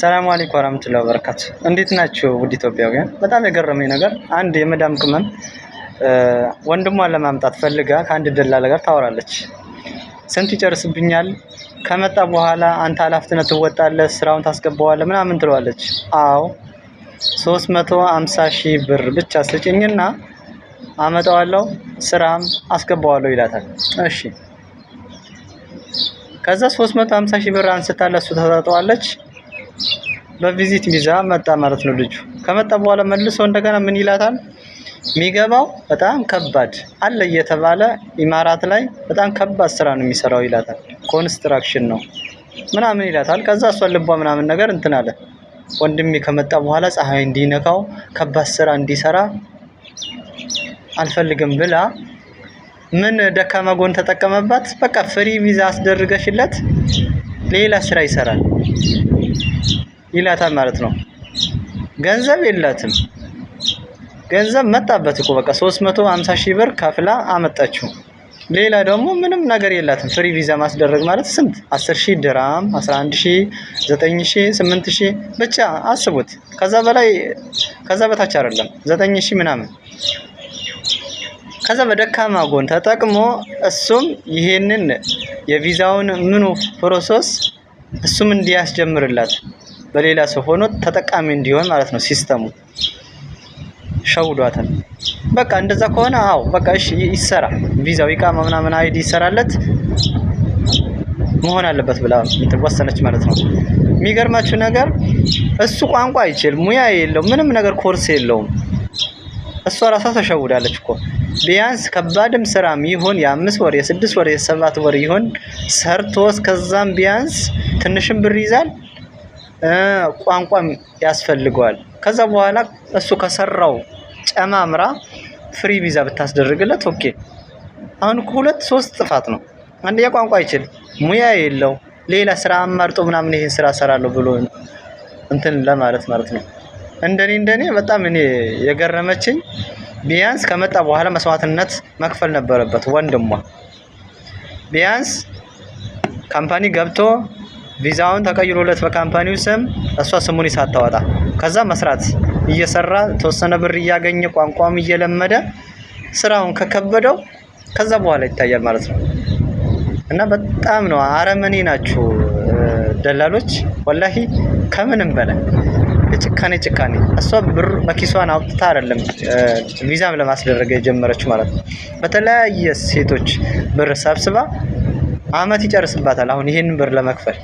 ሰላም አለይኩም ወራህመቱላሂ ወበረካቱ። እንዴት ናችሁ ውድ ኢትዮጵያውያን? በጣም የገረመኝ ነገር አንድ የመዳም ቅመም ወንድሟን ለማምጣት ፈልጋ ከአንድ ደላላ ጋር ታወራለች። ስንት ይጨርስብኛል፣ ከመጣ በኋላ አንተ ኃላፊነት ትወጣለህ፣ ስራውን ታስገባዋለህ ምናምን ትለዋለች። አዎ 350 ሺህ ብር ብቻ ስጭኝና አመጣዋለሁ፣ ስራም አስገባዋለሁ ይላታል። እሺ ከዛ 350 ሺህ ብር አንስታ ለሱ ተሰጠዋለች። በቪዚት ቪዛ መጣ ማለት ነው ልጁ። ከመጣ በኋላ መልሶ እንደገና ምን ይላታል? የሚገባው በጣም ከባድ አለ እየተባለ ኢማራት ላይ በጣም ከባድ ስራ ነው የሚሰራው ይላታል። ኮንስትራክሽን ነው ምናምን ይላታል። ከዛ እሷ ልቧ ምናምን ነገር እንትን አለ። ወንድሜ ከመጣ በኋላ ፀሐይ እንዲነካው ከባድ ስራ እንዲሰራ አልፈልግም ብላ ምን ደካማ ጎን ተጠቀመባት? በቃ ፍሪ ቪዛ አስደርገሽለት ሌላ ስራ ይሰራል ይላታል ማለት ነው። ገንዘብ የላትም። ገንዘብ መጣበት እኮ በቃ 350 ሺህ ብር ከፍላ አመጣችው። ሌላ ደግሞ ምንም ነገር የላትም። ፍሪ ቪዛ ማስደረግ ማለት ስንት? 10 ሺህ ድራም፣ 11 ሺህ፣ 9 ሺህ፣ 8 ሺህ ብቻ አስቡት። ከዛ በላይ ከዛ በታች አይደለም 9 ሺህ ምናምን ከዛ በደካማ ጎን ተጠቅሞ እሱም ይሄንን የቪዛውን ምኑ ፕሮሰስ እሱም እንዲያስጀምርላት በሌላ ሰው ሆኖ ተጠቃሚ እንዲሆን ማለት ነው። ሲስተሙ ሸውዷትን በቃ እንደዛ ከሆነ አው በቃ እሺ ይሰራ፣ ቪዛው ይቃማ ምናምን አይዲ ይሰራለት መሆን አለበት ብላ ወሰነች ማለት ነው። የሚገርማችሁ ነገር እሱ ቋንቋ አይችል ሙያ የለው ምንም ነገር ኮርስ የለውም። እሷ ራሷ ተሸውዳለች እኮ ቢያንስ ከባድም ስራም ይሁን የአምስት ወር የስድስት ወር የሰባት ወር ይሁን ሰርቶ እስከዛም ቢያንስ ትንሽም ብር ይዛል፣ ቋንቋም ያስፈልገዋል። ከዛ በኋላ እሱ ከሰራው ጨማምራ ፍሪ ቪዛ ብታስደርግለት ኦኬ። አሁን እኮ ሁለት ሶስት ጥፋት ነው። አንደኛ ቋንቋ አይችል፣ ሙያ የለው፣ ሌላ ስራ አማርጦ ምናምን ይህን ስራ ሰራለሁ ብሎ እንትን ለማለት ማለት ነው። እንደኔ እንደኔ በጣም እኔ የገረመችኝ ቢያንስ ከመጣ በኋላ መስዋዕትነት መክፈል ነበረበት ወንድሟ። ቢያንስ ካምፓኒ ገብቶ ቪዛውን ተቀይሮለት በካምፓኒው ስም እሷ ስሙን ሳታወጣ ከዛ መስራት እየሰራ ተወሰነ ብር እያገኘ ቋንቋም እየለመደ ስራውን ከከበደው ከዛ በኋላ ይታያል ማለት ነው። እና በጣም ነው አረመኔ ናችሁ ደላሎች ወላሂ ከምንም በላይ ጭካኔ ጭካኔ እሷ ብር በኪሷን አውጥታ አይደለም ቪዛም ለማስደረግ የጀመረች ማለት ነው። በተለያየ ሴቶች ብር ሰብስባ አመት ይጨርስባታል። አሁን ይህንን ብር ለመክፈል